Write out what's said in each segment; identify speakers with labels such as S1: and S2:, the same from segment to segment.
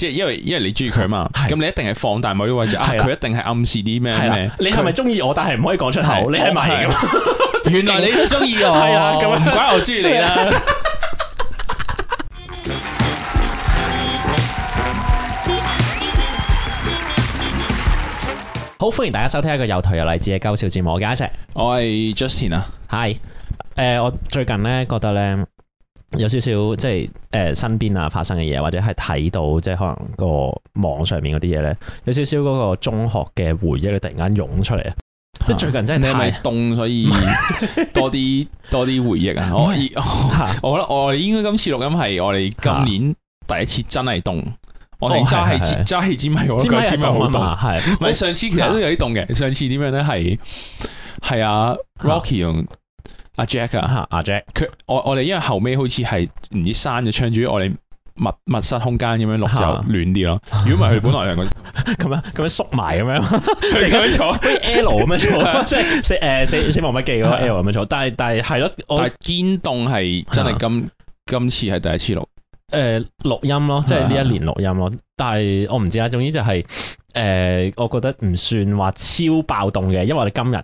S1: 即係因為因為你中意佢嘛，咁你一定係放大某啲位置，係佢一定係暗示啲咩咩？你係咪中意我，但係唔可以講出口？你係咪咁？原來你都中意我，唔怪我中意你啦。好，歡迎大家收聽一個又頹又勵志嘅搞笑節目，我哋一齊。我係 Justin 啊，Hi，誒，我最近咧覺得咧。有少少即係誒身邊啊發生嘅嘢，或者係睇到即係可能個網上面嗰啲嘢咧，有少少嗰個中學嘅回憶咧，突然間湧出嚟啊。即係最近真係你係咪凍？所以多啲多啲回憶啊。我我我我覺得我哋應該今次錄音係我哋今年第一次真係凍，我哋揸係真真係尖好多係。唔係上次其實都有啲凍嘅，上次點樣咧？係係啊，Rocky。阿 Jack 啊，阿、啊、Jack，佢我我哋因為後尾好似係唔知閂咗窗，主要我哋密密室空間咁樣錄就、啊、暖啲咯。如果唔係佢本來係咁樣咁樣縮埋咁樣，佢咁樣 坐 ，L 咁樣坐，啊、即係死誒死死亡筆記嗰個 L 咁樣坐。但係但係係咯，我堅凍係真係今、啊、今次係第一次錄誒錄音咯，即係呢一年錄音咯。啊、但係我唔知啦，總之就係、是、誒、呃，我覺得唔算話超爆凍嘅，因為我哋今日。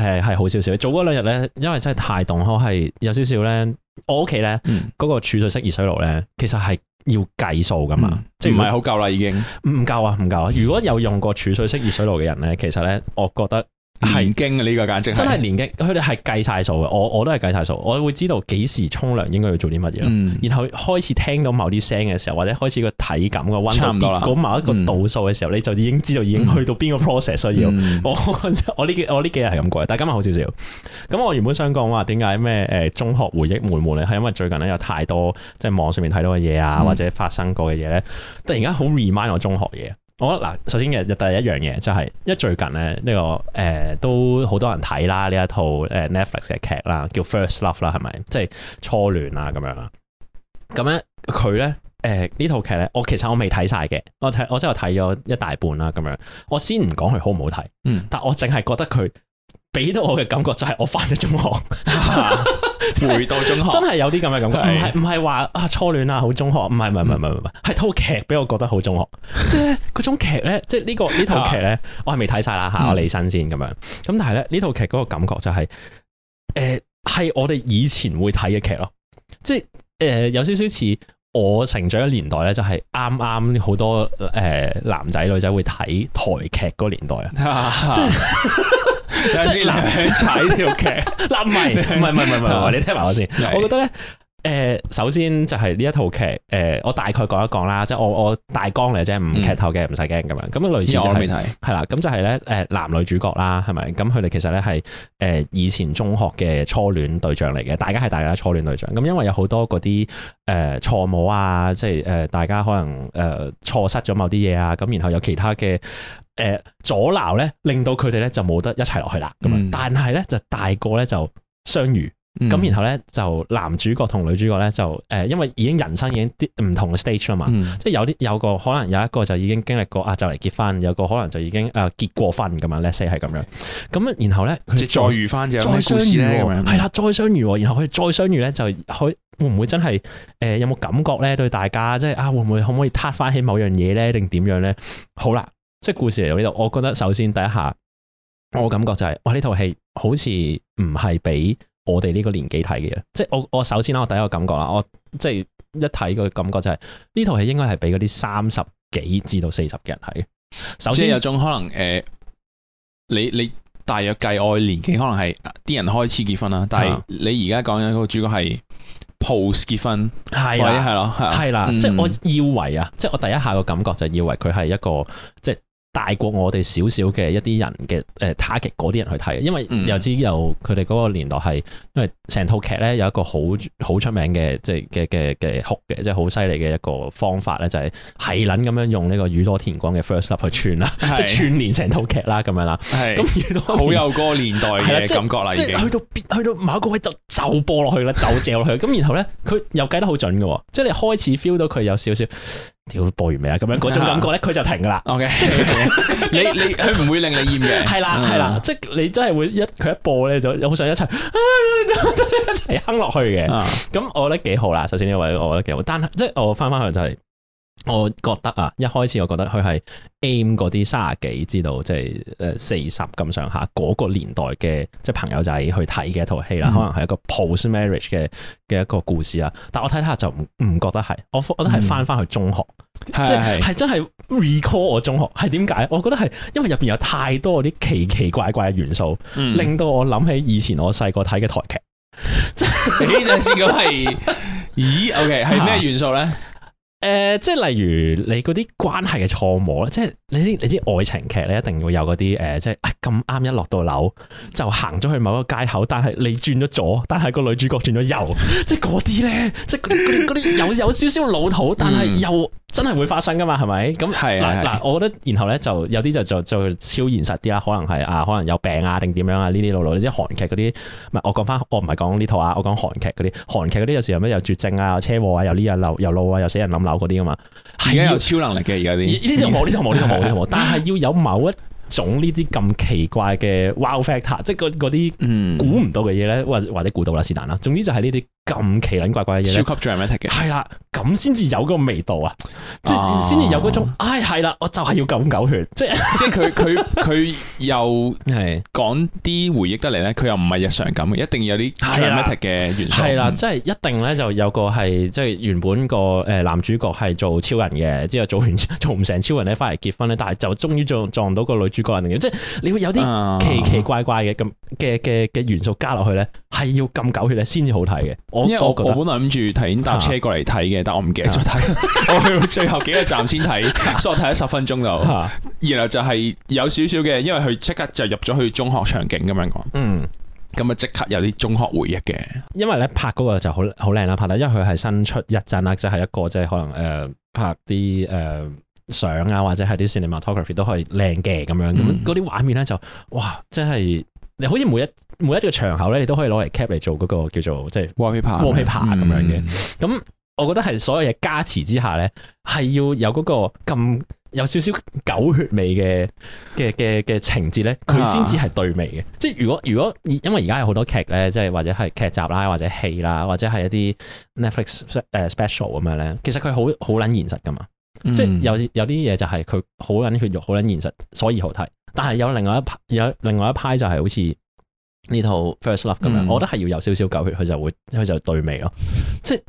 S1: 誒，係好少少，早嗰兩日咧，因為真係太凍，我係有少少咧，我屋企咧，嗰個儲水式熱水爐咧，其實係要計數噶嘛，嗯、即係唔係好夠啦，夠已經唔夠啊，唔夠啊！如果有用過儲水式熱水爐嘅人咧， 其實咧，我覺得。係驚呢個簡直、嗯、真係年經。佢哋係計晒數嘅。我我都係計晒數，我會知道幾時沖涼應該要做啲乜嘢。嗯、然後開始聽到某啲聲嘅時候，或者開始個體感嘅溫度跌過某一個度數嘅時候，嗯、你就已經知道已經去到邊個 process 需要。嗯、我我呢幾我呢幾日係咁過，但今日好少少。咁我原本想講話點解咩誒中學回憶滿滿咧，係因為最近咧有太多即係網上面睇到嘅嘢啊，或者發生過嘅嘢咧，突然間好 remind 我中學嘢。我覺得嗱，首先嘅第一樣嘢就係，因為最近咧、這、呢個誒、呃、都好多人睇啦，呢一套誒 Netflix 嘅劇啦，叫 First Love 啦，係咪？即係初戀啦、啊，咁樣啦。咁咧佢咧誒呢套劇咧，我其實我未睇晒嘅，我睇我即係睇咗一大半啦，咁樣。我先唔講佢好唔好睇，嗯，但我淨係覺得佢俾到我嘅感覺就係我翻咗中學。
S2: 回到中學， 真
S1: 係有啲咁嘅感覺，唔係唔係話啊初戀啊好中學，唔係唔係唔係唔係係，嗯、套劇俾我覺得好中學，即係嗰種劇咧，即係呢個呢套劇咧， 我係未睇晒啦吓，嗯、我起身先咁樣，咁但係咧呢套劇嗰個感覺就係、係，誒、呃、係我哋以前會睇嘅劇咯，即係誒有少少似我成長嘅年代咧，就係啱啱好多誒男仔女仔會睇台劇嗰個年代啊。
S2: 即係男向踩呢條橋，諗 唔起， 唔係唔係唔係唔係，你聽埋我先。 的我覺得
S1: 咧。誒、呃，首先就係呢一套劇，誒、呃，我大概講一講啦，即係我我大綱嚟啫，唔劇透嘅，唔使驚咁樣。咁、嗯、類似就係係啦，咁就係咧，誒，男女主角啦，係咪？咁佢哋其實咧係誒以前中學嘅初戀對象嚟嘅，大家係大家初戀對象。咁因為有好多嗰啲誒錯摸啊，即係誒、呃、大家可能誒錯、呃、失咗某啲嘢啊，咁然後有其他嘅誒、呃、阻撓咧，令到佢哋咧就冇得一齊落去啦。咁但係咧就大個咧就相遇。嗯咁、嗯、然後咧就男主角同女主角咧就誒因為已經人生已經啲唔同嘅 stage 啦嘛，嗯、即係有啲有個可能有一個就已經經歷過啊就嚟結婚，有個可能就已經誒、啊、結過婚咁啊，類似係咁樣。咁啊然後咧再遇翻，再相遇咧，係啦再相遇，然後佢再相遇咧就佢會唔會，會真係誒有冇感覺咧對大家即係啊會唔會可唔可以撻翻起某呢樣嘢咧定點樣咧？好啦，即係故事嚟到呢度，我覺得首先第一下我感覺就係、是、哇呢套戲好似唔係俾。我哋呢個年紀睇嘅嘢，即係我我首先啦，我第一個感覺啦，我即係一睇個感覺就係呢套戲應該係俾嗰啲三十幾至到四十嘅人睇。首先有種可能誒、呃，你你大約計我嘅年紀，可能係啲人開始結婚啦，但係是、啊、你而家講緊個主角係 pose 結婚，係係是、啊、咯，係啦，即係我以為啊，即係我第一下個感覺就係以為佢係一個即係。大過我哋少少嘅一啲人嘅，誒，塔劇嗰啲人去睇，因為又知由佢哋嗰個年代係，因為成套劇咧有一個好好出名嘅，即係嘅嘅嘅曲嘅，即係好犀利嘅一個方法咧，就係係捻咁樣用呢個宇多田光嘅 First Love 去串啦，即係串聯成套劇啦，咁樣啦，係，好有嗰個年代嘅感覺啦，已經，即係去到去到某一個位就就播落去啦，就借落去，咁 然後咧佢又計得好準嘅，即係你開始 feel 到佢有少少。條播完未啊？咁樣嗰種感覺咧，佢 就停噶 啦。O K，你你佢唔會令你厭嘅。係啦係啦，啦 即係你真係會一佢一播咧，就好想一齊、啊、 一齊哼落去嘅。咁 我覺得幾好啦。首先呢位，我覺得幾好。但即係、就是、我翻翻去就係、是。我覺得啊，一開始我覺得佢係 aim 嗰啲卅幾，知道即係誒四十咁上下嗰個年代嘅，即係朋友仔去睇嘅一套戲啦，嗯、可能係一個 post marriage 嘅嘅一個故事啊，但我睇睇下就唔唔覺得係，我我覺得係翻翻去中學，即係真係 recall 我中學係點解？我覺得係、嗯、因為入邊有太多嗰啲奇奇怪怪嘅元素，嗯、令到我諗起以前我細個睇嘅台劇。嗯、
S2: 即是你陣先講係，
S1: 咦？O K 係咩元素咧？啊誒、呃，即係例如你嗰啲關係嘅錯摸咧，即係你啲你啲愛情劇咧，一定會有嗰啲誒，即係咁啱一落到樓就行咗去某一個街口，但係你轉咗左，但係個女主角轉咗右， 即係嗰啲咧，
S2: 即係嗰啲啲有
S1: 有少少老土，但係又真係會發生噶嘛，係咪？咁嗱嗱，我覺得然後咧，就有啲就就就超現實啲啦，可能係啊，可能有病啊，定點樣啊，呢啲老路，你知韓劇嗰啲唔係我講翻，我唔係講呢套啊，我講韓劇嗰啲，韓劇嗰啲有時候咩又絕症啊，車禍啊，又呢日又路啊，又死人冧嗰啲啊嘛，係而家有超能力嘅，而家啲呢套冇呢套冇呢套冇呢套冇，但係要有某一種呢啲咁奇怪嘅 wow factor， 即係嗰嗰啲估唔到嘅嘢咧，或或者估到啦是但啦，總之就係呢啲。咁奇撚怪怪嘅嘢，超級 dramatic 嘅，係啦，咁先至有嗰個味道啊，啊即係先至有嗰種，唉、哎，係啦，我就係要咁狗血，即係即係佢佢佢又係講啲回憶得嚟咧，佢又唔係日常咁嘅，一定要有啲 dramatic 嘅元素，係啦，即係一定咧就有個係即係原本個誒男主角係做超人嘅，之後做完做唔成超人咧，翻嚟結婚咧，但係就終於撞撞到個女主角，人即係你會有啲奇奇怪怪嘅咁嘅嘅嘅元素加落去咧。係要咁狗血咧，先至好睇嘅。我因為我我本來諗住提前搭車過嚟睇嘅，但我唔記得再睇，我去到最後幾個站先睇，所以我睇咗十分鐘就，然後就係有少少嘅，因為佢即刻就入咗去中學場景咁樣講。嗯，咁啊即刻有啲中學回憶嘅，因為咧拍嗰個就好好靚啦，拍得，因為佢係新出一陣啦，即係一個即係可能誒拍啲誒相啊，或者係啲 cinematography 都係靚嘅咁樣，咁嗰啲畫面咧就哇，真係～你好似每一每一個場合咧，你都可以攞嚟 cap 嚟做嗰個叫做即係 Warpaper，咁樣嘅。咁、
S2: 嗯、
S1: 我覺得係所有嘢加持之下咧，係要有嗰個咁有少少狗血味嘅嘅嘅嘅情節咧，佢先至係對味嘅，啊。即係如果如果因為而家有好多劇咧，即係或者係劇集啦，或者戲啦，或者係一啲 Netflix 誒 special 咁樣咧，其實佢好好撚現實㗎嘛。嗯、即係有有啲嘢就係佢好撚血肉，好撚現實，所以好睇。但係有另外一派，有另外一派就係好似呢套 First Love 咁樣，嗯、我覺得係要有少少狗血，佢就會佢就會對味咯。即係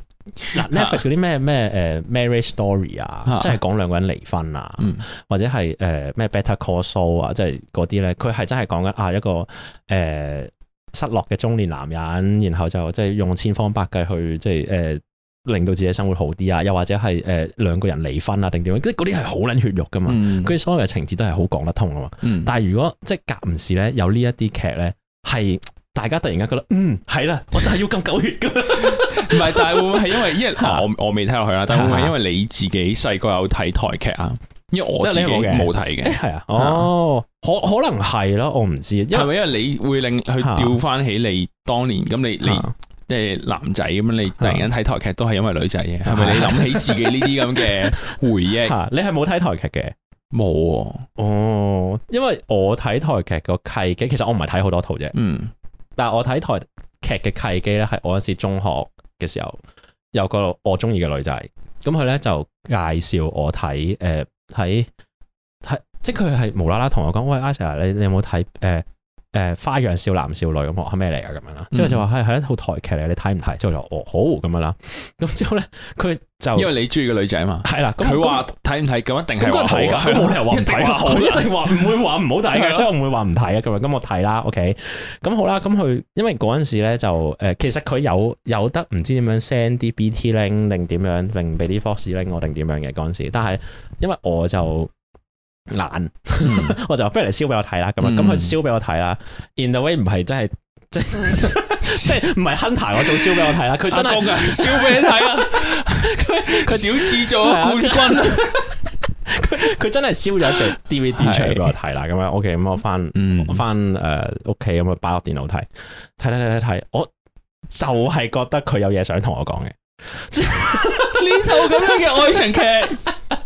S1: Netflix 嗰啲咩咩誒 Marriage Story 啊，即係講兩個人離婚啊，嗯、或者係誒咩 Better Call Saul 啊，即係嗰啲咧，佢係真係講緊啊一個誒、呃、失落嘅中年男人，然後就即係用千方百計去即係誒。呃令到自己生活好啲啊，又或者係誒兩個人離婚啊定點樣，即係嗰啲係好捻血肉噶嘛，佢所有嘅情節都係好講得通噶嘛。但係如果即係夾唔時咧有呢一啲劇咧，係大家突然間覺得嗯係啦，我真係要咁狗血噶，唔係， 但係會唔會係因為呢？因為我我未睇落去啦，但係會唔會因為你自己細個有睇台劇啊？因為我自己冇睇嘅，係啊，哦、欸 oh,，可可能係咯，我唔知，係咪因為你會令佢調翻起你當年咁你你？你啊即係男仔咁，你突然間睇台劇都係因為女仔嘅，係咪？你諗起自己呢啲咁嘅回憶， 係咪你係冇睇台劇嘅？冇、啊、哦，因為我睇台劇個契機，其實我唔係睇好多套啫。嗯，但係我睇台劇嘅契機咧，係我嗰時中學嘅時候，有個我中意嘅女仔，咁佢咧就介紹我睇，誒、呃、喺，係即係佢係無啦啦同我講，喂，阿 Sir，你你有冇睇誒？呃誒，花樣少男少女咁，我係咩嚟啊？咁樣啦，之後就話係係一套台劇嚟，你睇唔睇？之後就哦好咁樣啦。咁之後咧，佢就因為你中意個女仔嘛，係啦。咁佢話睇唔睇咁，一定係話睇㗎，佢冇理由話唔睇㗎。佢一定話唔會話唔好睇嘅，即係我唔會話唔睇啊。咁樣咁我睇啦，OK。咁好啦，咁佢因為嗰陣時咧就誒，其實佢有有得唔知點樣 send 啲 BT link 定點樣，定俾啲 fox link 我定點樣嘅嗰陣時，但係因為我就。難，我就話不如嚟燒俾我睇啦。咁樣，咁佢燒俾我睇啦。In the way 唔係真係，即係即係唔係 Hunter 我仲燒俾我睇啦。佢真係燒俾你睇啊！
S2: 佢佢，小智做冠軍，
S1: 佢真係燒咗一隻 DVD 出嚟俾我睇啦。咁樣，OK，咁我翻，我翻誒屋企咁啊，擺落電腦睇，睇睇睇睇睇，我就係覺得佢有嘢想同我講嘅。
S2: 呢套咁樣嘅愛情劇。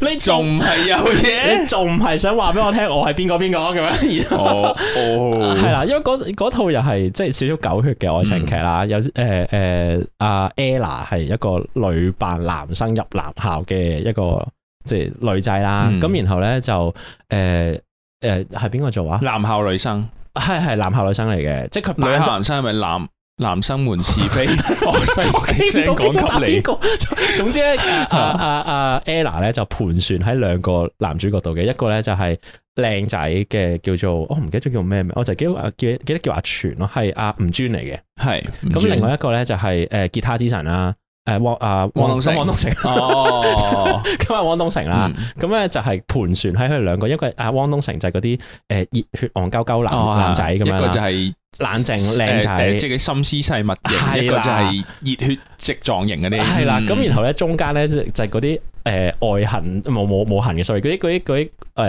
S1: 你仲唔係有嘢？ 你仲唔係想話俾我聽我係邊個邊個咁樣？哦 後，係啦、oh, oh. 因為嗰套又係即係少少狗血嘅愛、嗯、情劇啦。有誒誒，阿、呃啊、Ella 係一個女扮男生入男校嘅一個即係女仔啦。咁、嗯、然後咧就誒誒係邊個做啊？男校女生係係 男校女生嚟嘅，即係佢扮男校生係咪男？男生們是非，我細聲講給你。
S2: 總之咧，阿
S1: 阿阿 Ella 咧就盤旋喺兩個男主角度嘅，一個咧就係、是、靚仔嘅，叫做我唔、哦、記得咗叫咩名，我就叫阿叫記得叫阿全咯，係阿吳尊嚟嘅。係。咁另外一個咧就係、是、誒、呃、吉他之神啦、啊，誒、啊啊、汪阿汪東城，汪東城勾勾勾。哦男，咁係汪東城啦。咁咧就係盤旋喺佢哋兩個，因為阿汪東城就係嗰啲誒熱血戇鳩鳩男男仔咁樣。就係。冷靜靚仔，即係佢心思細密型，的一個就係熱血直撞型嗰啲，係啦的。咁、嗯、然後咧中間咧就就係嗰啲誒愛恨冇冇冇恨嘅，所以嗰啲嗰啲嗰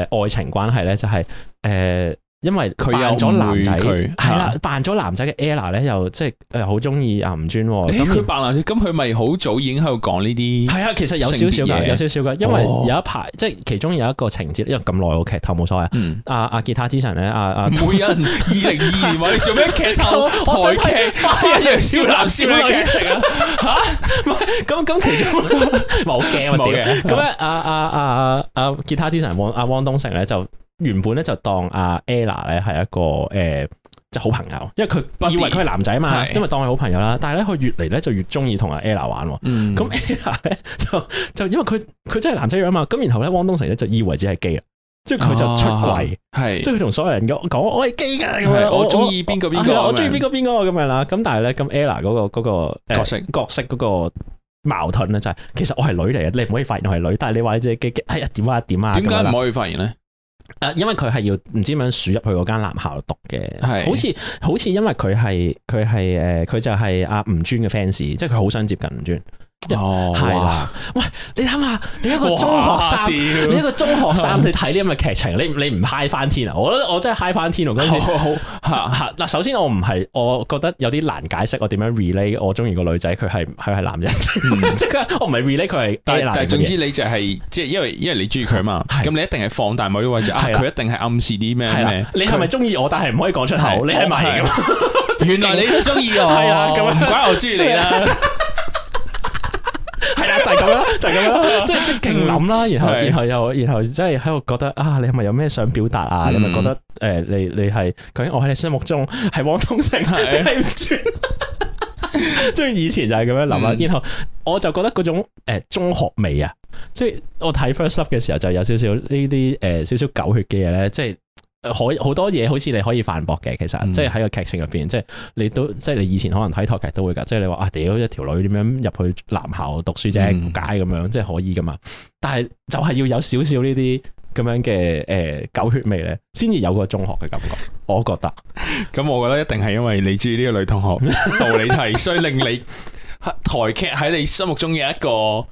S1: 啲誒愛情關係咧就係、是、誒。呃因為佢扮咗男仔，係啊，扮咗男仔嘅 Ella 咧，又即係誒好中意吳尊。咁佢扮男仔，咁佢咪好早已經喺度講呢啲？係啊，其實有少少嘅，有少少嘅。因為有一排，即係其中有一個情節，因為咁耐個劇透冇所謂。嗯，阿阿吉他之神咧，阿阿，每人
S2: 二零二，你做咩劇透台劇？花樣少男少女劇情啊！吓，咁咁
S1: 其中冇嘅，冇嘅。咁咧，阿阿阿阿吉他之神阿汪東城咧就。原本咧就當阿 ella 咧係一個誒即係好朋友，因為佢以為佢係男仔啊嘛，因為當佢好朋友啦。但係咧佢越嚟咧就越中意同阿 ella 玩。咁 ella 咧就就因為佢佢真係男仔樣啊嘛。咁然後咧汪東城咧就以為只係 gay 啊，即係佢就出櫃，即係佢同所有人講我係
S2: gay 噶，咁樣我中意邊個邊個，我中意邊
S1: 個邊個咁樣啦。咁但係咧咁 ella 嗰個個角色角色嗰個矛盾咧就係其實我係女嚟嘅。你唔可以發現我係女，但係你話你只係 gay，係啊點啊點啊，點解唔可以發現咧？誒，因為佢係要唔知點樣選入去嗰間男校讀嘅，係是好似好似因為佢係佢係，誒，佢就係阿吳尊嘅 fans，即係佢好想接近吳尊。哦，係啊！喂，
S2: 你諗下，你一個中學生，你一個中學生去
S1: 睇啲咁嘅劇情，你你唔嗨翻天啊？我覺得我真係嗨翻天咯！嗰陣時吓吓嗱，首先我唔係，我覺得有啲難解釋，我點樣 relate 我中意個女仔，佢係佢係男人，即係我唔係 relate 佢係，但但總之你就係即係因為因為你中意佢嘛，咁你一定係放大某啲位置，佢一定係暗示啲咩你係咪中意我？但係唔可以講出口。你係咪？原來你都中意我，啊，唔怪我中意你啦。
S2: 係咁啦， 就係咁啦，即係即係勁諗啦，然後又然後
S1: 又然後即係喺度覺得啊，你係咪有咩想表達啊、嗯呃？你咪覺得誒，你你係究竟我喺你心目中係汪東城，啊、嗯？係唔係？即 係以前就係咁樣諗啊，嗯、然後我就覺得嗰種誒、呃、中學味啊，即係我睇 First Love 嘅時候就有少少呢啲誒少少狗血嘅嘢咧，即係。可好多嘢，好似你可以反駁嘅，其實、嗯、即係喺個劇情入邊，即係你都即係你以前可能睇台劇都會噶，即係你話啊，屌一條女點樣入去男校讀書啫，唔、嗯、解咁樣，即係可以噶嘛？但係就係要有少少呢啲咁樣嘅誒、呃、狗血味咧，先至有個中學嘅感覺。我覺得，咁 我覺得一定係因為你鍾意呢個女同學，道理係，所以令你台劇喺你心目中嘅一個。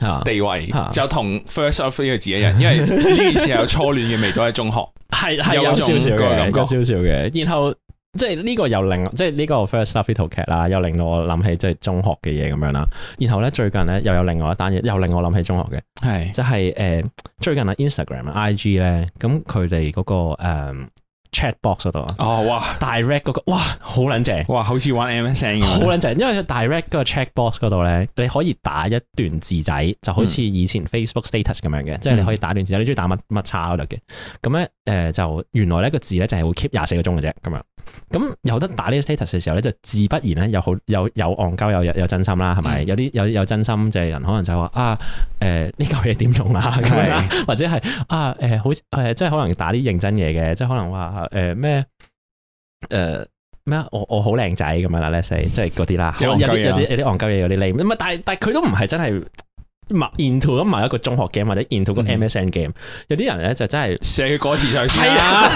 S1: 啊，地、啊、位就同 first love free 嘅自己一樣，因為呢件事有初戀嘅味道喺中學，係係 是有，有少少嘅感覺，有少少嘅。然後即係呢個又令，即係呢個 first love free 套劇啦，又令到我諗起即係中學嘅嘢，咁樣啦。然後咧最近咧又有另外一單嘢，又令我諗起中學嘅，係是就係、是、誒、呃、最近啊 Instagram IG 咧，咁佢哋嗰個誒。嗯 check box 嗰度啊，哦哇，direct 嗰個哇好撚正，哇好似玩 M S N 嘅、那個，好撚正，因為佢 direct 嗰個 check box 嗰度咧，你可以打一段字仔，嗯、就好似以前 Facebook status 咁樣嘅，嗯、即係你可以打段字仔，你鍾意打乜乜叉嗰度嘅，咁咧誒，就原來呢、字呢個字咧就係會 keep 廿四個鐘嘅啫，咁樣。咁有得打呢個 status 嘅、嗯、時候咧，就自不然咧，有好有有戇鳩，有有，有真心啦，係咪？嗯、有啲有有真心就係人可能就話啊，誒呢嚿嘢點用啦、啊，咁或者係啊，誒、呃、好即係、啊、可能打啲認真嘢嘅，即係可能話誒咩誒咩我我好靚仔咁樣啦，即係嗰啲啦，有些有啲有啲戇鳩嘢，有啲咩，但但佢都唔係真係，埋 into 咁埋一個中學 game 或者 into 個 in MSN game，有啲人咧就真係寫嘅歌詞上先啦。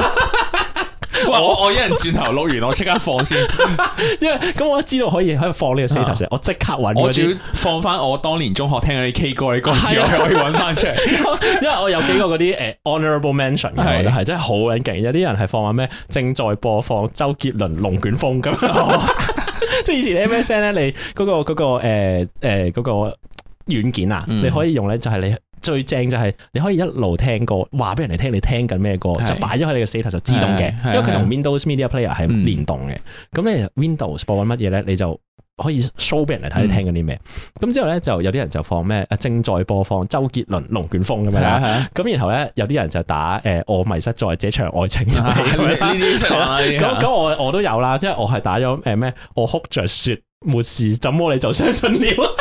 S1: 我我一人轉頭錄完， 我即刻放先 因，因為咁我都知道可以喺度放呢個 status，嗯、我即刻揾，我仲要放翻我當年中學聽嗰啲 K 歌嘅歌詞， 我可以揾翻出嚟， 因為我有幾個嗰啲誒 honorable mention，係的真係好撚勁，有啲人係放話咩正在播放周杰倫龍捲風咁，即係以前 MSN 咧，你嗰、嗰個嗰、嗰個誒誒、嗰個呃嗰個、軟件啊，嗯、你可以用咧就係你。最正就係你可以一路聽歌，話俾人哋聽你聽緊咩歌，就擺咗喺你嘅 status 就自動嘅，因為佢同 Windows Media Player 係連動嘅。咁你 Windows 播緊乜嘢咧，你就可以 show 俾人哋睇你聽緊啲咩。咁之後咧就有啲人就放咩正在播放周杰倫龍捲風咁樣，咁然後咧有啲人就打誒我迷失在這場愛情，咁咁我我都有啦，即係我係打咗誒咩我哭着說沒事，怎麼你就相信了？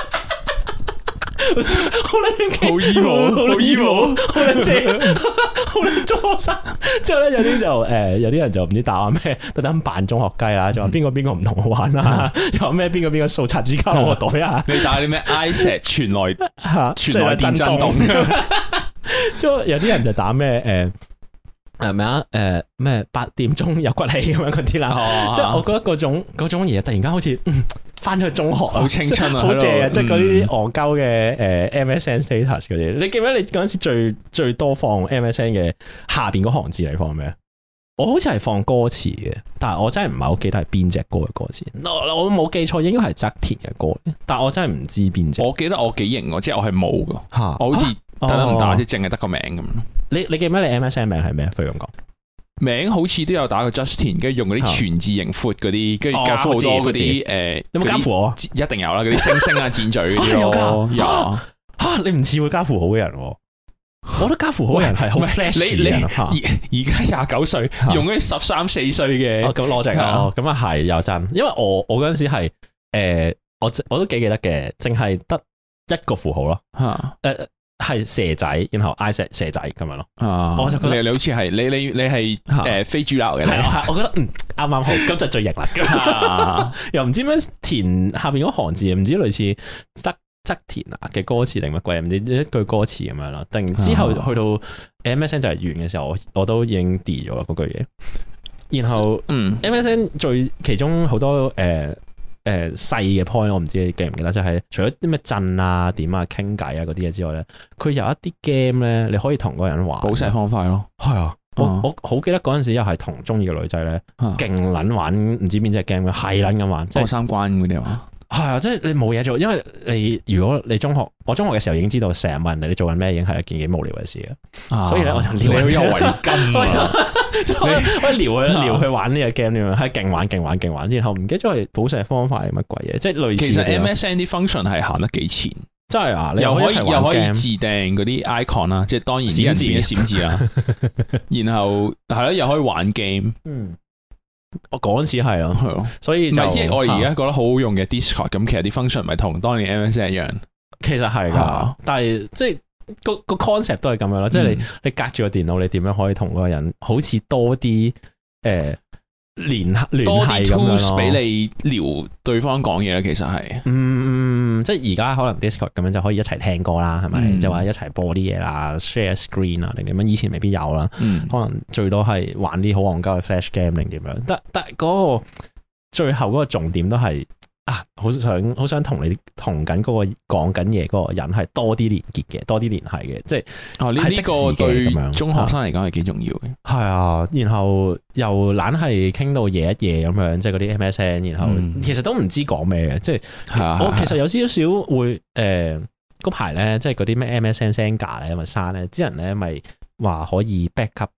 S1: 好冷好 evil，好 evil，
S2: 好冷靜，
S1: 好作生。之後咧，有啲就誒，有啲人就唔 知打咩，特登扮中學雞啊，就話邊個邊個唔同誰誰誰我玩啦，又話咩邊個邊個掃擦紙巾落個袋啊。 你打啲咩 i 埃石傳嚟
S2: 吓，即係點震動。
S1: 即係有啲人就打咩誒。呃係咪啊？誒，咩八點鐘有骨氣咁樣嗰啲啦？Oh, 即係我覺得嗰種種嘢突然間好似翻咗去中學，好、哦、青春啊，好正啊！即係嗰啲戇鳩嘅誒，MSN status 嗰啲。你記唔記得你嗰陣時最最多放 MSN 嘅下邊嗰行字你放咩啊？我好似係放歌詞嘅，但係我真係唔係好記得係邊隻歌嘅歌詞。我冇記錯，應該係側田嘅歌，但係我真係唔知邊隻。我記得我幾型，即我即係我係冇嘅，啊、我好似打、oh, 得唔打，即係淨係得個名咁。你你記唔記得你 M S N 名係咩啊？佢咁講名好似都有打過 Justin，跟住用嗰啲全字型闊嗰啲，跟住加好多嗰啲誒，有冇加符號啊？一定有啦，嗰啲星星啊、箭嘴嗰啲有？啊，吓你唔似會加符號嘅人。我覺得加符號嘅人係好叻。你你而家廿九歲，用嗰啲十三四歲嘅。哦，咁邏輯哦，咁啊係，又真。因為我我嗰陣時係誒，我我都幾記得嘅，淨係得一個符號咯。吓，誒。係蛇仔，然後嗌蛇蛇仔咁樣咯。啊，我就覺得你，你好似係你你你係誒、啊、非主流嘅，係、啊、我覺得嗯啱啱好，今集就最型啦。啊、 又唔知咩填下邊嗰行字，唔知類似塞塞填啊嘅歌詞定乜鬼，唔知一句歌詞咁樣啦。但之後去到 MSN 就係完嘅時候，我我都已經跌咗嗰句嘢。然後嗯，MSN 最、嗯、其中好多誒。呃誒、呃、細嘅 point 我唔知你記唔記得，即係除咗啲咩震啊、點啊、傾偈啊嗰啲嘢之外咧，佢有一啲 game 咧，你可以同個人玩。寶石方塊咯，係啊，嗯、我我好記得嗰陣時又係同中意嘅女仔咧，勁撚、啊、玩，唔知邊隻 game 咧，係撚咁玩，即係三關嗰啲啊。係啊，即係你冇嘢做，因為你如果你中學，我中學嘅時候已經知道成日問人哋你做緊咩，已經係一件幾無聊嘅事啊。所以咧，我就撩聊一圍金，我
S2: 我撩一撩去玩
S1: 呢個 game 咁樣，係勁玩勁玩勁玩，之後唔記得咗係補償方法係乜鬼嘢，即係類似。其實 MSN 啲 function 係行得幾前，真係啊，又可以又可以自定嗰啲 icon 啊，即係當然閃字啊。然後係啦，又可以玩 game。嗯。我講嗰時係啊，對哦、所以就係，依我而家覺得好好用嘅 Discord，咁、啊、其實啲 function 唔係同當年 MSN 一樣，其實係噶，啊、但係即係個個 concept 都係咁樣咯，即係你、嗯、你隔住個電腦，你點樣可以同個人好似多啲誒。欸連合聯繫俾你聊對方講嘢啦。其實係，嗯，即係而家可能 Discord 咁樣就可以一齊聽歌啦，係咪？嗯、就話一齊播啲嘢啦，share screen 啊，定點樣？以前未必有啦，嗯、可能最多係玩啲好戇鳩嘅 flash game 定點樣。但但係嗰個最後嗰個重點都係。啊，好想好想同你同緊嗰個講緊嘢，嗰個人係多啲連結嘅，多啲聯繫嘅，即係呢個對中學生嚟講係幾重要嘅。係啊、嗯，然後又懶係傾到夜一夜咁樣，即係嗰啲 MSN，然後、嗯、其實都唔知講咩嘅。即係、啊啊、我其實有少少會誒，嗰排咧即係嗰啲咩 MSN Messenger 咧，咪刪咧，啲人咧咪話可以 backup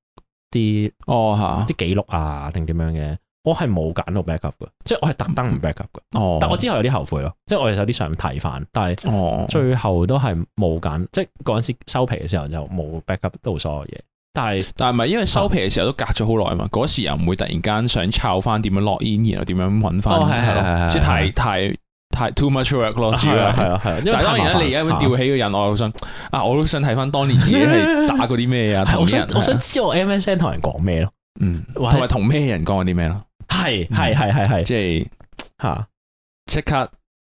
S1: 啲哦吓啲記錄、嗯、啊，定點、啊、樣嘅？我係冇揀到 backup 嘅，即係我係特登唔 backup 嘅。哦，但我之後有啲後悔咯，即係我哋有啲想睇翻，但係最後都係冇揀，即係嗰陣時收皮嘅時候就冇 backup，都冇所謂嘢。但係但係唔係因為收皮嘅時候都隔咗好耐啊嘛，嗰時又唔會突然間想抄翻點樣落煙，然後點樣搵翻。係係即太太太 too much work 咯，主要係咯，係咯。因為當然你而家會吊起個人，我又好想啊，我都想睇翻當年自己係打過啲咩啊。我想知我 MSN 同人講咩咯，同埋同咩人講啲咩咯。係係係係係，即係吓，即刻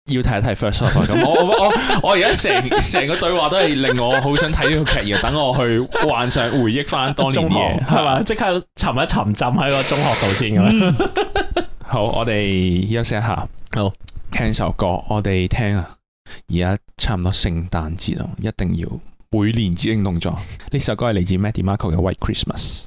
S1: 要睇一睇 first up 咁。我我我我而家成成個對話都係令我好想睇呢個劇嘅，等我去幻想回憶翻當年嘢，係嘛？即刻沉一沉浸喺個中學度先嘅。好，我哋休息一下。好，聽首歌，我哋聽啊，而家差唔多聖誕節咯，一定要每年指定動作。呢首歌係嚟自 Mac DeMarco 嘅 White Christmas。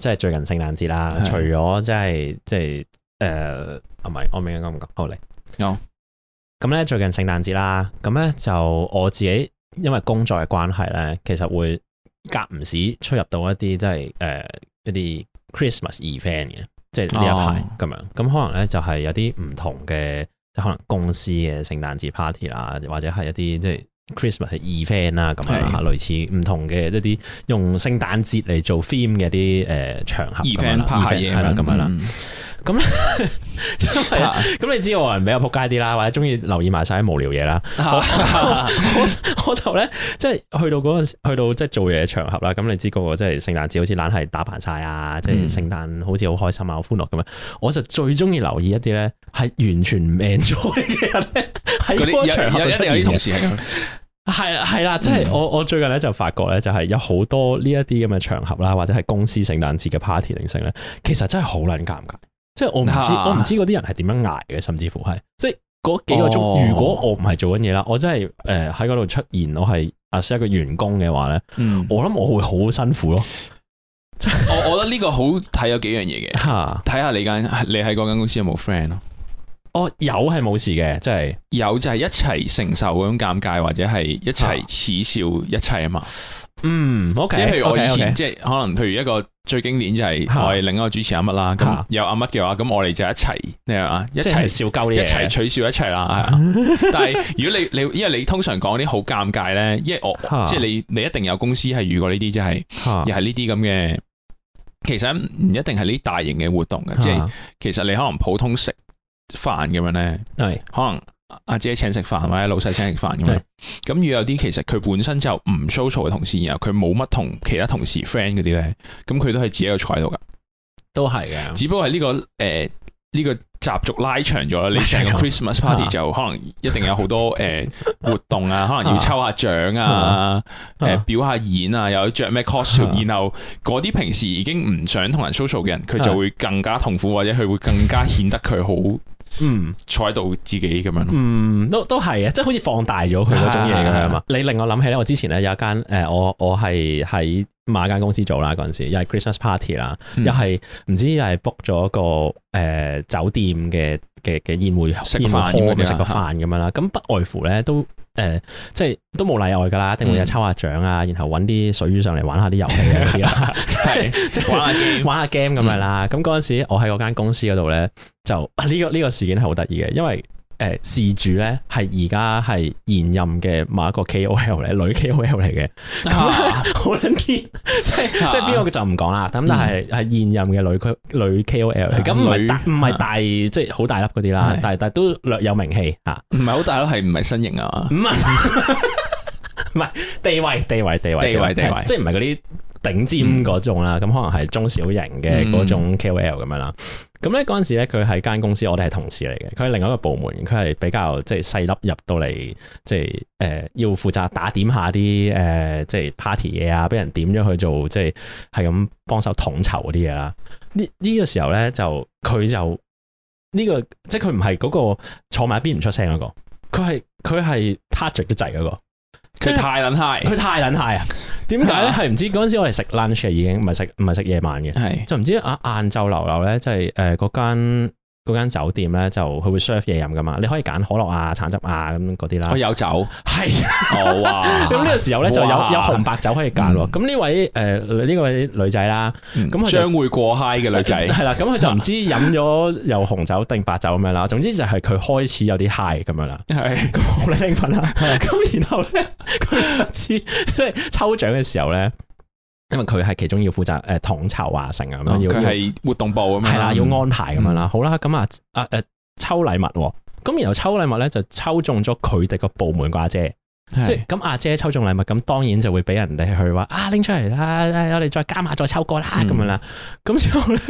S1: 即係最近聖誕節啦，的除咗即係即係誒，唔、呃、係、啊，我明唔咁講？好嚟
S2: 有。
S1: 咁咧、哦嗯、最近聖誕節啦，咁、嗯、咧就我自己因為工作嘅關係咧，其實會隔唔時出入到一啲即係誒一啲 Christmas event 嘅，即係呢、呃、一排咁樣。咁、哦嗯嗯、可能咧就係有啲唔同嘅，即係可能公司嘅聖誕節 party 啦，或者係一啲即係。Christmas 係 event 啦，咁啊，類似唔同嘅一啲用聖誕節嚟做 theme 嘅啲誒場合。拍嘢，係啦，咁、嗯、 為啊啦。
S2: 咁咧，
S1: 咁你知我人比較撲街啲啦，或者中意留意埋晒啲無聊嘢啦、啊。我就咧，即係去到嗰、那、陣、個，去到即係做嘢場合啦。咁你知嗰個即係聖誕節好，好似懶係打扮曬啊，即係聖誕好似好開心啊，好歡樂咁樣。我就最中意留意一啲咧，係完全 man 咗
S2: 嘅人咧，喺嗰個場合度出 同事 係啊係啦，即係、嗯、我
S1: 我最近咧就發覺咧，就係有好多呢一啲咁嘅場合啦，或者係公司聖誕節嘅 party 零聲咧，其實真係好尷尬噶即係我唔知，啊、我唔知嗰啲人係點樣挨嘅，甚至乎係即係嗰幾個鐘。哦、如果我唔係做緊嘢啦，我真係誒喺嗰度出現，我係誒一嘅員工嘅話咧，嗯、我諗我會好辛苦咯。我我覺得呢個好睇有幾樣嘢嘅，睇下、啊、你間你喺嗰間公司有冇 friend 咯。哦，有係冇事嘅，即係有就係一齊承受嗰種尷尬，或者係一齊恥笑一齊啊嘛。
S2: 嗯，
S1: 即係譬如我以前， okay, okay. 即係可能譬如一個最經典就係我係另一個主持阿乜啦，咁有阿乜嘅話，咁我哋就一齊咩啊？一齊笑鳩，一齊取笑一齊啦。但係如果你你，因為你通常講啲好尷尬咧，因為我 即係你你一定有公司係遇過呢啲，即係又係呢啲咁嘅。其實唔一定係呢啲大型嘅活動嘅， 即係其實你可能普通食。飯咁樣咧，係是可能阿姐請食飯或者老細請食飯咁樣。咁要是有啲其實佢本身就唔 social 嘅同事，然後佢冇乜同其他同事 friend 嗰啲咧，咁佢都係自己喺度坐喺度噶。都係嘅，只不過係呢、這個誒呢、呃這個習俗拉長咗你成個 Christmas party 就可能一定有好多誒、呃、 活動啊，可能要抽下獎啊，誒表下演啊，又着咩 costume，然後嗰啲平時已經唔想同人 social 嘅人，佢就會更加痛苦，或者佢會更加顯得佢好。 嗯，坐喺度自己咁樣，嗯，都都係嘅，即係好似放大咗佢嗰種嘢嘅係嘛。 你令我諗起咧，我之前咧有一間誒、呃，我我係喺某一間公司做啦，嗰陣時又係 Christmas party 啦，又係唔、嗯、知又係 book 咗個誒、呃、酒店嘅嘅嘅宴會宴會 co 食個飯咁樣啦，咁、啊、不外乎咧都。誒、呃，即係都冇例外噶啦，一定會有抽下獎啊，嗯、然後搵啲水魚上嚟玩下啲遊戲啊，
S2: 係即係玩下
S1: 玩下 game 咁、嗯、樣啦。咁嗰陣時，我喺嗰間公司嗰度咧，就呢、呢個呢、呢個事件係好得意嘅，因為。誒，事主咧係而家係現任嘅某一個 K O L 嚟，女 K O L 嚟嘅，
S2: 好撚堅，即係即係邊個就唔
S1: 講啦。咁但係係現任嘅女區女 K O L，咁唔係唔係大即係好大粒嗰啲啦，但係但係都略有名氣吓，唔係好大粒，係唔係身型啊？唔係，唔係地位地位地位地位地位，即係唔係嗰啲頂尖嗰種啦。咁可能係中小型嘅嗰種 K O L 咁樣啦。咁咧嗰陣時咧，佢喺間公司，我哋係同事嚟嘅。佢係另一個部門，佢係比較即係細粒入到嚟，即係誒、呃、要負責打點一下啲誒、呃、即係 party 嘢啊，俾人點咗去做，即係係咁幫手統籌嗰啲嘢啦。呢呢、這個時候咧，就佢就呢、這個即係佢唔係嗰個坐埋一邊唔出聲嗰、那個，佢係佢係 touch 咗掣嗰個，佢是太撚 high 佢太撚 high 啊！點解咧？係唔知嗰陣時候我哋食 lunch 已經唔係食，唔係食唔係食夜晚嘅，是就唔知啊，晏晝流流呢，即係誒嗰間。嗰間酒店咧就佢會 serve 嘢飲噶嘛，你可以揀可樂啊、橙汁啊咁嗰啲啦。佢有酒，係，
S2: 咁呢個 時候咧就有有紅
S1: 白酒可以揀喎。咁呢位誒呢個女仔啦，咁將會過 h i 嘅女仔，係啦。咁佢就唔知飲咗有紅酒定白酒咁樣啦。總之就係佢開始有啲嗨 i 咁樣啦。係，咁你拎品啦。咁然後咧，佢知即係抽獎嘅時候咧。因為佢係其中要負責誒統籌啊，成咁樣要佢係活動部咁樣係啦，要安排咁樣啦。好啦，咁啊啊誒抽禮物，咁然後抽禮物咧就抽中咗佢哋個部門個阿姐，即係咁阿姐抽中禮物，咁當然就會俾人哋去話啊，拎出嚟，啦，我哋再加碼再抽過啦咁樣啦。咁之後咧，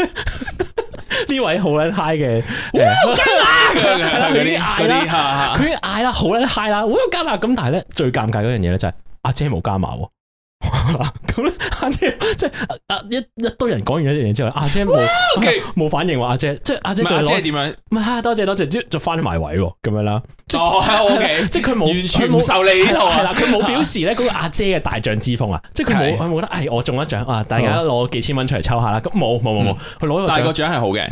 S1: 呢位好 high 嘅，加碼佢嗌啦，佢嗌啦，好 high 啦，好有加碼。咁但係咧最尷尬嗰樣嘢咧就係阿姐冇加碼。咁咧，阿姐即係一一堆人講完一樣之後，阿姐冇冇反應話阿姐，即係阿姐就落點樣？多謝多謝，即係就翻埋位咁樣啦。即係佢冇完全冇受你呢度。係啦，佢冇表示咧嗰個阿姐嘅大將之風啊！即係佢冇，佢冇得。哎，我中一獎啊！大家攞幾千蚊出嚟抽下啦。咁冇冇冇冇，佢攞大個獎係好嘅。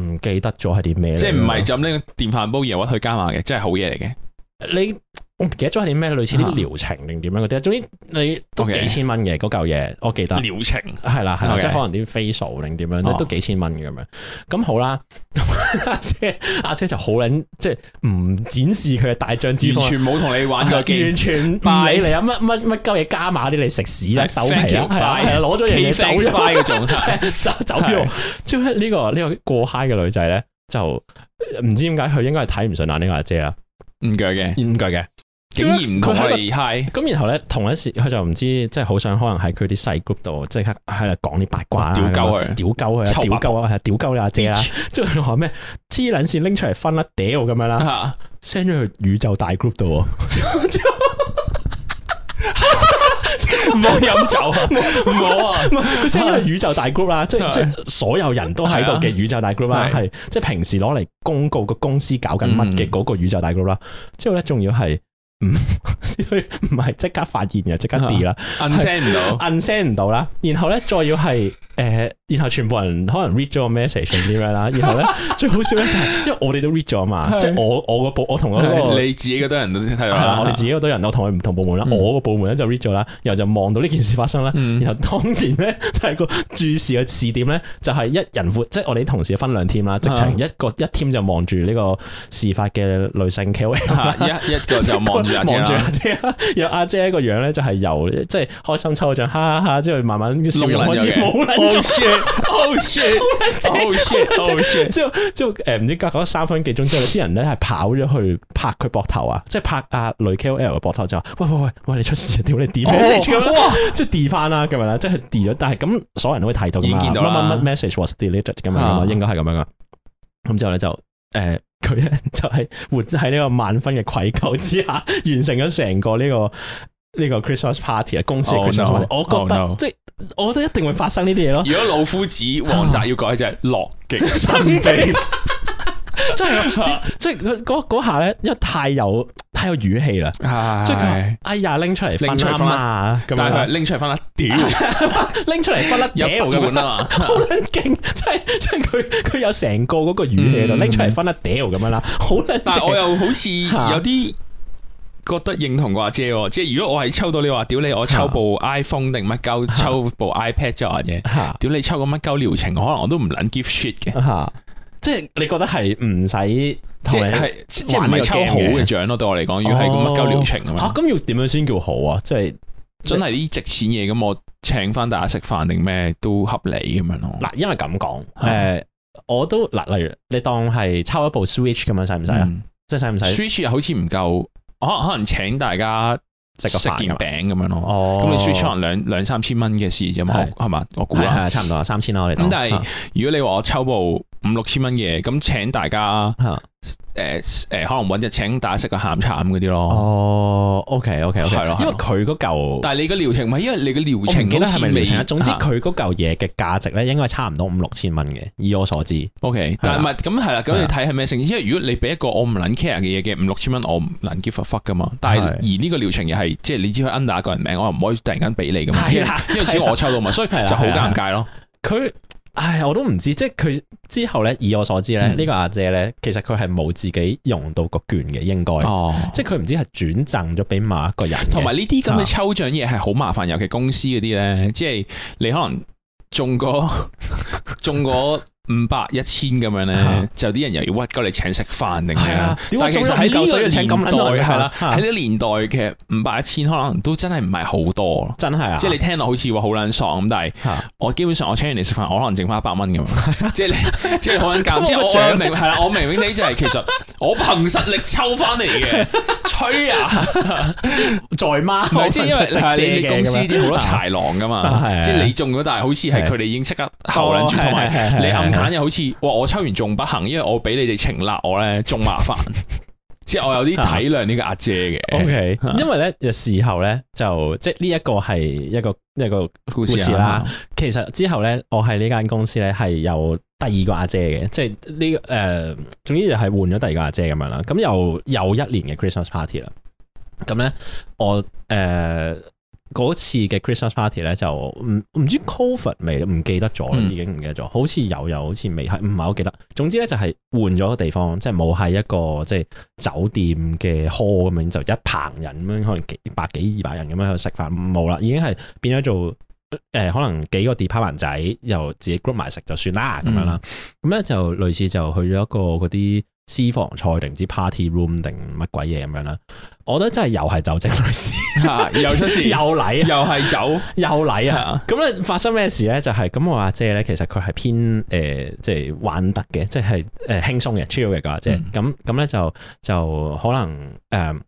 S1: 唔記得咗係啲咩，即係唔係浸呢個電飯煲嘢，油去加碼嘅，即係好嘢嚟嘅。你。唔記得咗係啲咩，類似啲療程定點樣嗰啲啊？總之你都幾千蚊嘅嗰嚿嘢，我記得療程係啦係啦，即係可能啲 facial 定點樣，即都幾千蚊嘅咁樣。咁好啦，阿姐阿姐就好撚即係唔展示佢嘅大將之風，完全冇同你玩，完全唔理你。啊！乜乜乜鳩嘢加碼啲你食屎啦，收皮，攞咗嘢走甩嘅狀態走走。呢個呢個過嗨嘅女仔咧，就唔知點解佢應該係睇唔上眼呢個阿姐啦，唔鋸嘅，唔鋸嘅。竟然唔到佢係咁，然後咧，同一時佢就唔知，即係好想可能喺佢啲細 group 度即刻喺度講啲八卦啦，屌鳩佢，屌鳩佢，屌鳩啊，係屌鳩阿姐啦，之後佢話咩黐捻線拎出嚟分啦，屌咁樣啦，send 咗去宇宙大 group 度，
S2: 唔好飲酒，
S1: 唔好啊，佢 send 咗去宇宙大 group 啦，即係即係所有人都喺度嘅宇宙大 group 啦，係即係平時攞嚟公告個公司搞緊乜嘅嗰個宇宙大 group 啦，之後咧仲要係。唔，佢唔係即刻發現嘅，即刻跌啦，unsend 唔到，unsend 唔到啦，然後咧，再要係誒，然後全部人可能 read 咗個 message 點樣啦，然後咧，最好笑咧就係，因為我哋都 read 咗嘛，即係我我個部，我同嗰你自己嗰多人係啦，係啦，我自己嗰多人，我同佢唔同部門啦，我個部門咧就 read 咗啦，然後就望到呢件事發生啦，然後當然咧就係個注視嘅視點咧，就係一人負，即係我哋啲同事分兩 team 啦，直情一個一 team 就望住呢個事發嘅女性一一
S2: 個就望。望住阿
S1: 姐，又阿啦、啊、姐個樣咧就係由即係、就是、開心抽獎，哈哈哈！之後慢慢笑容開始冇甩
S2: 咗，好笑，好笑，好笑，好笑。
S1: 之後之後誒，唔、呃、知隔咗、那個、三分幾鐘之後，啲人咧係跑咗去拍佢膊頭啊，即係拍阿雷 K O L 嘅膊頭就：，喂喂喂喂，喂，喂，你出事屌你點？哦、哇！即係 delete 翻啦，咁樣啦，即係 delete 但係咁所有人都會睇到嘅嘛，見到。乜乜乜 message was deleted 咁樣啊，應該係咁樣啊。咁之 後咧就誒。呃佢咧就係活喺呢個萬分嘅愧疚之下，完成咗成個呢、呢個呢、呢個 Christmas party 啊！公司 party,、oh、no, 我覺得、oh、no. 即係，我覺得一定會發生呢啲嘢咯。如果老夫子王澤要改極 的，就係樂極生悲，真係即係嗰下咧，因為太有。睇個語氣啦，即係哎呀，拎出嚟分啊，但係拎出嚟分啦，屌，
S2: 拎出嚟分粒屌咁好
S1: 勁，即係即係佢佢有成個嗰個語氣度拎出嚟分粒屌咁樣啦，好，但係我又好似有啲覺得認同個阿姐，即係如果我係抽到你話屌你，我抽部 iPhone 定乜鳩抽部 iPad 啫，阿姐，屌你抽個乜鳩療程，可能我都唔捻 give shit 嘅。即係你覺得係唔使即係即係唔係抽好嘅獎咯？對我嚟講，如果係咁乜鳩流程咁樣吓，咁要點樣先叫好啊？即係真係啲值錢嘢咁，我請翻大家食飯定咩都合理咁樣咯。嗱，因為咁講，誒，我都嗱，例如你當係抽一部 Switch 咁樣，使唔使啊？即係使唔使？Switch 又好似唔夠，可可能請大家食個食件餅咁樣咯。哦，咁你 Switch 可能兩兩三千蚊嘅事啫嘛，係嘛？我估係差唔多三千啦。我哋咁但係如果你話我抽部。五六千蚊嘢，咁請大家，誒誒，可能搵日請大家食個鹹茶咁嗰啲咯。哦，OK OK OK，係咯，因為佢嗰嚿，但係你個療程唔係，因為你個療程，我唔記得係咪療程啊。總之佢嗰嚿嘢嘅價值咧，應該差唔多五六千蚊嘅，以我所知。OK，但係唔係咁係啦，咁你睇係咩先？因為如果你俾一個我唔能 care 嘅嘢嘅五六千蚊，我唔能 give a fuck 噶嘛。但係而呢個療程又係即係你只可以 under 個人名，我又唔可以突然間俾你㗎嘛，因為錢我抽到嘛，所以就好尷尬咯。佢。唉，我都唔知，即係佢之後咧，以我所知咧，嗯、個呢個阿姐咧，其實佢係冇自己用到個券嘅，應該，哦、即係佢唔知係轉贈咗俾某一個人，同埋呢啲咁嘅抽獎嘢係好麻煩，啊、尤其公司嗰啲咧，即係你可能中過 中過 過。 五百一千咁樣咧，就啲人又要屈過嚟請食飯定係啊？但係其實喺舊時代係啦，喺啲年代嘅五百一千可能都真係唔係好多，真係啊！即係你聽落好似話好撚爽咁，但係我基本上我請完你食飯，我可能剩翻一百蚊咁
S2: 即係即係好撚
S1: 夾。我明係啦，我明明呢就係其實我憑實力抽翻嚟嘅，吹啊，在嗎？即係你公司啲好多豺狼噶嘛？即係你中咗，但係好似係佢哋已經即刻投撚出，同埋你揀又好似，哇！我抽完仲不行，因為我俾你哋情甩我咧，仲麻煩。即係我有啲體諒呢個阿姐嘅。OK，因為咧，事後咧就即係呢一個係一個一個故事啦。事啊、其實之後咧，我喺呢間公司咧係有第二個阿姐嘅，即係呢、這個誒、呃，總之就係換咗第二個阿姐咁樣啦。咁又有一年嘅 Christmas party 啦。咁咧呢，我誒。呃嗰次嘅 Christmas party 咧，就唔唔知 COVID 未，唔記得咗已經唔記得咗，好似有又好似未，係唔係好記得？總之咧，就係換咗個地方，即係冇喺一個即係酒店嘅 hall 咁樣，就一棚人咁樣，可能幾百幾二百人咁樣去食飯，冇啦，已經係變咗做誒、呃、可能幾個 department 仔又自己 group 埋食就算啦咁樣啦，咁咧、嗯、就類似就去咗一個嗰啲。私房菜定唔知 party room 定乜鬼嘢咁樣啦？我覺得真係又係酒精律師，又出事，又禮，又係酒，又禮啊！咁咧發生咩事咧？就係咁，我阿姐咧其實佢係偏誒即係玩得嘅，即係誒輕鬆嘅，chill 嘅個阿姐。咁咁咧就就可能誒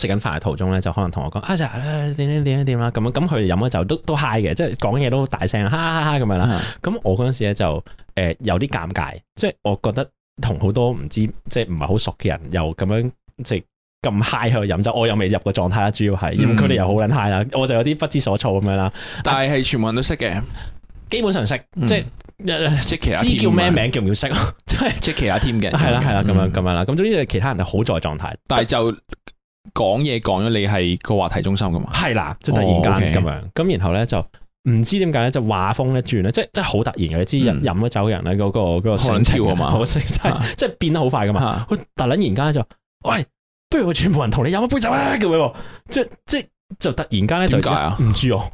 S1: 食緊飯嘅途中咧就可能同我講啊，就係咧點點點啊點啦咁樣。咁佢飲咗酒都都嗨嘅，即係講嘢都好大聲，哈哈哈咁樣啦。咁我嗰陣時咧就誒有啲尷尬，即係我覺得。同好多唔知即係唔係好熟嘅人，又咁樣即係咁 high 去飲酒，我又未入個狀態啦。主要係因為，佢哋又好撚 high 啦，我就有啲不知所措咁樣啦。但係係全部人都識嘅，基本上識，即係其他知叫咩名，叫唔叫識啊？即係其他阿 Team 嘅，係啦係啦咁樣咁樣啦。咁總之其他人係好在狀態，但係就講嘢講咗，你係個話題中心咁嘛？係啦，即突然間咁樣，咁然後咧就。唔知點解咧，就話風一轉咧，即係即係好突然嘅，你知飲咗酒嘅人咧、那個，嗰、嗯、個嗰個心情啊嘛，即係即係變得好快噶嘛，佢突然間就喂，不如我全部人同你飲一杯酒啊，叫佢即係即係就突然間咧就唔知啊。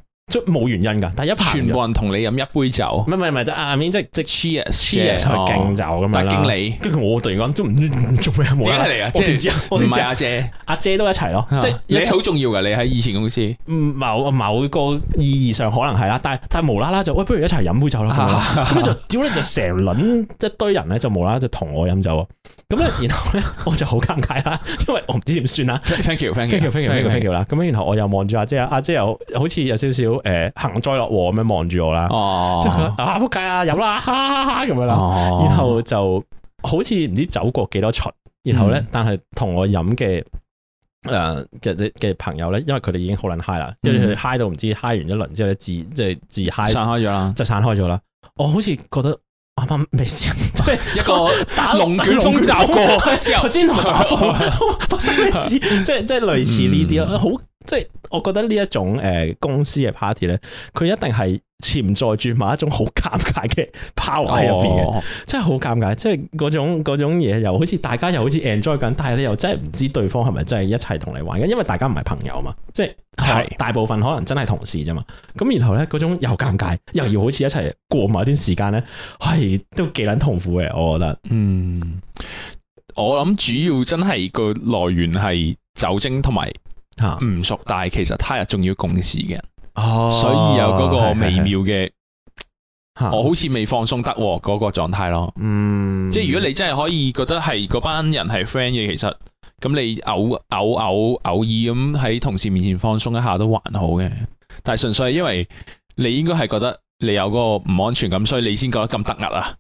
S1: 冇原因噶，但係一排全部人同你飲一杯酒，唔係唔係就係，即阿面即係即係 c h e e r c h e e r s 再敬酒咁樣啦。經理，跟住我突然間都唔知做咩，冇解我唔唔係阿姐，阿姐都一齊咯，即係你好重要噶。你喺以前公司，某某個意義上可能係啦，但係但係無啦啦就喂，不如一齊飲杯酒啦。咁樣就屌你，就成輪一堆人咧，就無啦啦就同我飲酒咁咧，然後咧，我就好尷尬啦，因為我唔知點算啦。Thank you，Thank you，Thank you，Thank you t h a n k y o 啦。咁樣然後我又望住阿姐啊，阿姐又好似有少少。誒，幸災樂禍咁樣望住我啦，即
S2: 係佢
S1: 啊，撲街啊，飲啦，哈哈哈咁樣啦，然後就好似唔知走過幾多群，然後咧，但係同我飲嘅誒嘅嘅朋友咧，因為佢哋已經好捻嗨 i g h 啦，因為佢哋 h 到唔知嗨完一輪之後咧，自即係自 h 散開咗啦，就散開咗啦。我好似覺得啱啱未事，即係一個
S2: 打龍捲風走過之後先發生咩事，即係
S1: 即係類似呢啲咯，好。即係我覺得呢一種誒、呃、公司嘅 party 咧，佢一定係潛在住某一種好尷尬嘅 power 喺入邊嘅，真係好尷尬，即係嗰種嗰種嘢，又好似大家又好似 enjoy 緊，但係你又真係唔知對方係咪真係一齊同你玩嘅，因為大家唔係朋友嘛，即係大部分可能真係同事啫嘛。咁、oh. 然後咧，嗰種又尷尬，又要好似一齊過埋一段時間咧，係都幾捻痛苦嘅。我覺得，嗯，我諗主要真係個來源係酒精同埋。唔熟，但係其實他日仲要共事嘅，
S2: 哦、所以有嗰個微妙
S1: 嘅，是是是我好似未放鬆得嗰、哦嗰個狀態咯。嗯，即係如果你真係可以覺得係嗰班人係 friend 嘅，其實咁你偶偶偶偶爾咁喺同事面前放鬆一下都還好嘅。但係純粹因為你應該係覺得你有嗰個唔安全感，所以你先覺得咁突兀啊？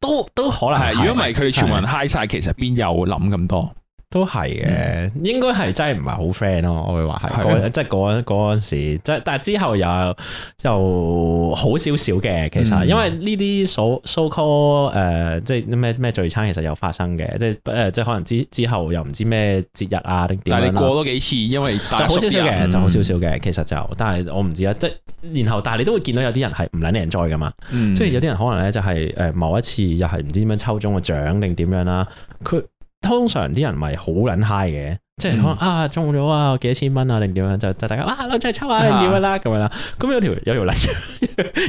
S1: 都都可能係，如果唔係佢哋全部人嗨晒，其實邊有諗咁多？都係嘅，嗯、應該係真係唔係好 friend 咯，我會話係。即係嗰嗰陣時，即係但係之後又就好少少嘅其實，嗯、因為呢啲 so call 誒，即係咩咩聚餐其實有發生嘅，即係、呃、即係可能之之後又唔知咩節日啊定點啦。但係過多幾次，因為好少少嘅，就好少少嘅、嗯、其實就，但係我唔知啦。即然後，但係你都會見到有啲人係唔撚 enjoy 噶嘛，即係有啲人可能咧就係誒某一次又係唔知點樣抽中個獎定點樣啦，佢。通常啲人唔係好捻 high 嘅。即係講啊中咗啊幾多千蚊啊定點樣就就大家啊攞出嚟抽啊定點樣啦咁樣啦，咁有條有條例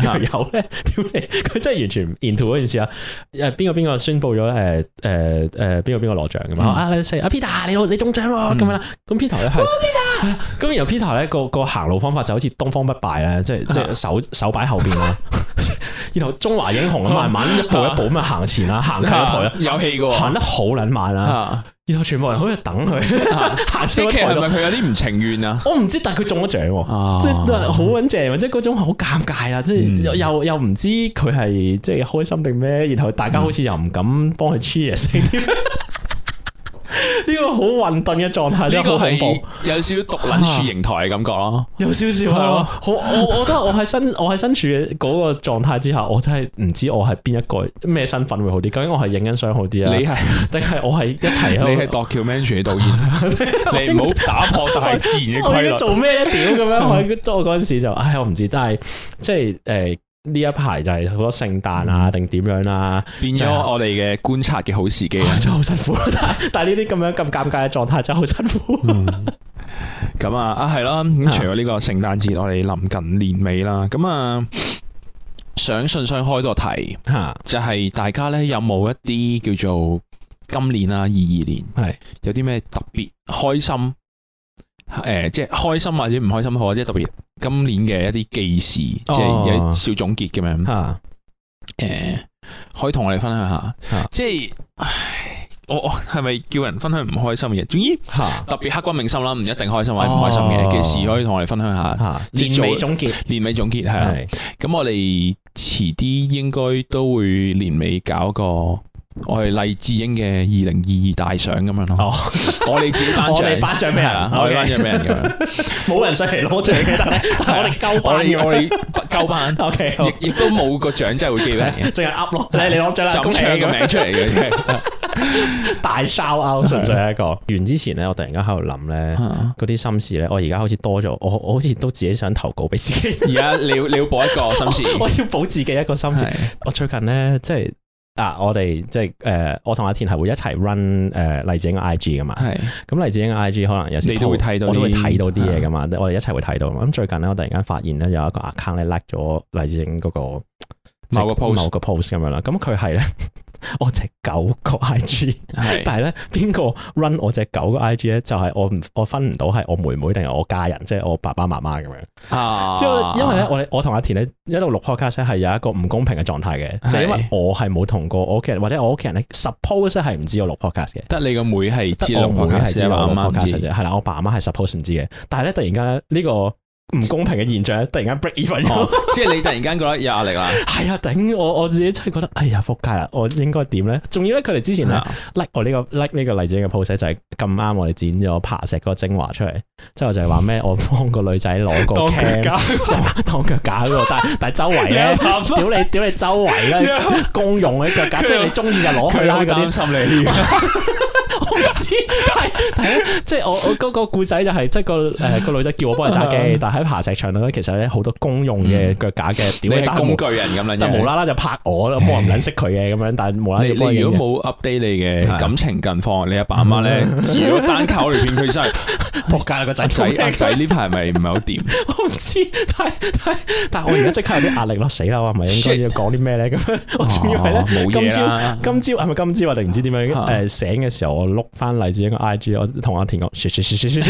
S1: 有咧，屌佢真係完全 into 嗰件事啊！誒邊個邊個宣布咗誒誒誒邊個邊個攞獎咁嘛啊李 Sir 阿 Peter 你你中獎喎咁樣啦，咁 Peter 咁然後 Peter 咧個個行路方法就好似東方不敗啊，即係即係手手擺後邊啦，然後中華英雄慢慢一步一步咁行前啊，行近台啊。有氣噶，行得好撚慢啊！然後全部人喺度等佢，呢期係咪佢有啲唔情願啊？我唔知，但佢中咗獎，即係好穩陣，即係嗰種好尷尬啊，即係又又唔知佢係即係開心定咩？然後大家好似又唔敢幫佢 cheer 聲。嗯 呢個好混沌嘅狀態，呢、這個係有少少獨領處刑台嘅感覺咯， 有少少係咯。好， 我我，我覺得我喺身我喺身處嘅嗰個狀態之下，我真係唔知我係邊一個咩身份會好啲，究竟我係影緊相好啲啊？你係定係我係一齊、那個？ 你係 documentary 嘅導演？ 在你
S2: 唔好打破大自然嘅規律。 做咩屌咁樣？我
S1: 多嗰陣時就唉，我唔知，但係即係誒。呃呢一排就係好多聖誕啊，定點樣啦、啊，變咗我哋嘅觀察嘅好時機，啊、真係好辛苦。 但係但係呢啲咁樣咁尷尬嘅狀態真係好辛苦。咁、嗯 嗯、啊啊係啦，咁除咗呢個聖誕節，我哋臨近年尾啦，咁啊想順便開多題，啊、就係大家呢有冇一啲叫做今年啊二二年係是有啲咩特別開心？誒、呃，即係開心或者唔開心好，即係特別今年嘅一啲記事，哦、即係有少小總結咁樣。誒、啊呃，可以同我哋分享下，
S2: 啊、即係
S1: 我我係咪叫人分享唔開心嘅嘢？總之、啊、特別刻骨銘心啦，唔一定開心或者唔開心嘅記事，哦、可以同我哋分享下。年、啊、尾總結，年做尾總結係咁。我哋遲啲應該都會年尾搞個。我係黎智英嘅二零二二大賞咁樣咯。哦，我哋自己頒獎，我哋頒獎俾人？我哋頒獎俾人咁樣？冇人上嚟攞獎嘅，但係我哋夠班，我哋夠班。O K，亦亦都冇個獎真係會寄俾人，淨係噏咯。你你攞獎啦，咁唱個名出嚟嘅，大哨 out，純粹一個。完之前咧，我突然間喺度諗咧，嗰啲心事咧，我而家好似多咗，我我好似都自己想投稿俾自己。而家你要補一個心事，我要補自己一個心事。我最近咧，即係。啊！我哋即係誒、呃，我同阿田係會一齊 run 誒、呃，黎智英嘅 I G 噶嘛？係咁是，黎智英嘅 I G 可能有時你都會睇到，我都會睇到啲嘢噶嘛。的我哋一齊會睇到嘛。咁、嗯、最近咧，我突然間發現咧，有一個 account 咧 like 咗黎智英嗰個某個 post 咁樣啦。咁佢係咧。 我隻狗個 I G，但係咧邊個 run 我隻狗個 I G 咧？就係、是、我我分唔到係我妹妹定係我家人，即、就、係、是、我爸爸媽媽咁樣。
S2: 之後、啊、因為咧
S1: 我我同阿田咧一度錄 podcast 係有一個唔公平嘅狀態嘅，是就因為我係冇同過我屋企人或者我屋企人咧，suppose 係唔知我錄 podcast 嘅。得你個妹係，得我妹係知，知，我阿媽知，係啦，我爸媽係 suppose 唔知嘅。但係咧突然間呢、這個，唔公平嘅現象，突然間 break even 咯，哦、 即係你突然間覺得有壓力 啊？係啊，頂我我自己真係覺得，哎呀，仆街啦，我應該點咧？仲要咧，佢哋之前咧 like 我呢、這個 like 呢、這個 like、個例子嘅 post 就係咁啱，我哋剪咗爬石個精華出嚟，之後就係話咩，我幫個女仔攞個腳架，當腳架嗰個，但係但係周圍咧，屌你，屌你周圍咧，公用嘅腳架，即係你中意就攞佢啦嗰啲。擔心你呢？我唔知，但係即係我我嗰個故仔就係即係個誒個女仔叫我幫人揸機， 但喺爬石場度咧，其實咧好多公用嘅腳架嘅，你係工具人咁啦，就係無啦啦就拍我啦，冇人唔認識佢嘅咁樣，但係無啦啦。如果冇 update 你嘅感情近況，你阿爸阿媽咧，如果單靠我嚟騙佢，真係仆街啦個仔仔仔呢排係咪唔係好掂？我唔知，但係我而家即刻有啲壓力咯，死啦！我係咪應該要講啲咩咧？咁樣我主要係咧，今朝今朝係咪今朝？我哋唔知點樣誒，醒嘅時候我碌翻嚟自己個 I G，我同阿田講，咁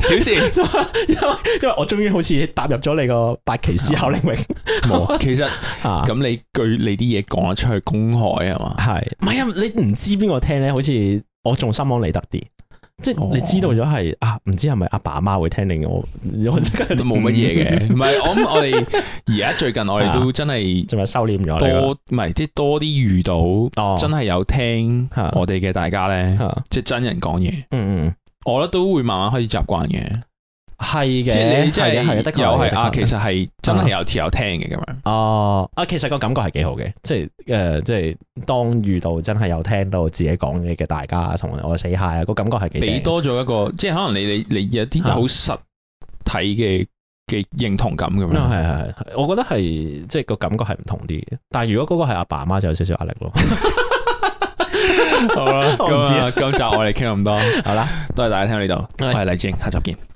S1: 小事。因為我終於好似踏入咗你個八期思考領域，冇。其實咁你句你啲嘢講咗出去公開啊嘛？係。唔係啊，你唔知邊個聽咧？好似我仲心安理得啲，即係你知道咗係啊，唔知係咪阿爸阿媽會聽定我？都冇乜嘢嘅。唔係我，我哋而家最近我哋都真係，仲係收斂咗多，唔係即係多啲遇到，真係有聽我哋嘅大家咧，即係真人講嘢。嗯嗯，我覺得都會慢慢開始習慣嘅。係嘅，即係又係啊！其實係真係有聽有聽嘅咁樣。哦，啊，其實個感覺係幾好嘅，即係誒，即係當遇到真係有聽到自己講嘢嘅大家，同埋我死下啊，個感覺係幾好，多咗一個，即係可能你你你有啲好實體嘅嘅認同感咁樣。係係係，我覺得係即係個感覺係唔同啲。但係如果嗰個係阿爸阿媽，就有少少壓力咯。好
S2: 啦，今今集我哋
S1: 傾咁多，好啦，多謝大家聽到呢度，我係李志英，下集見。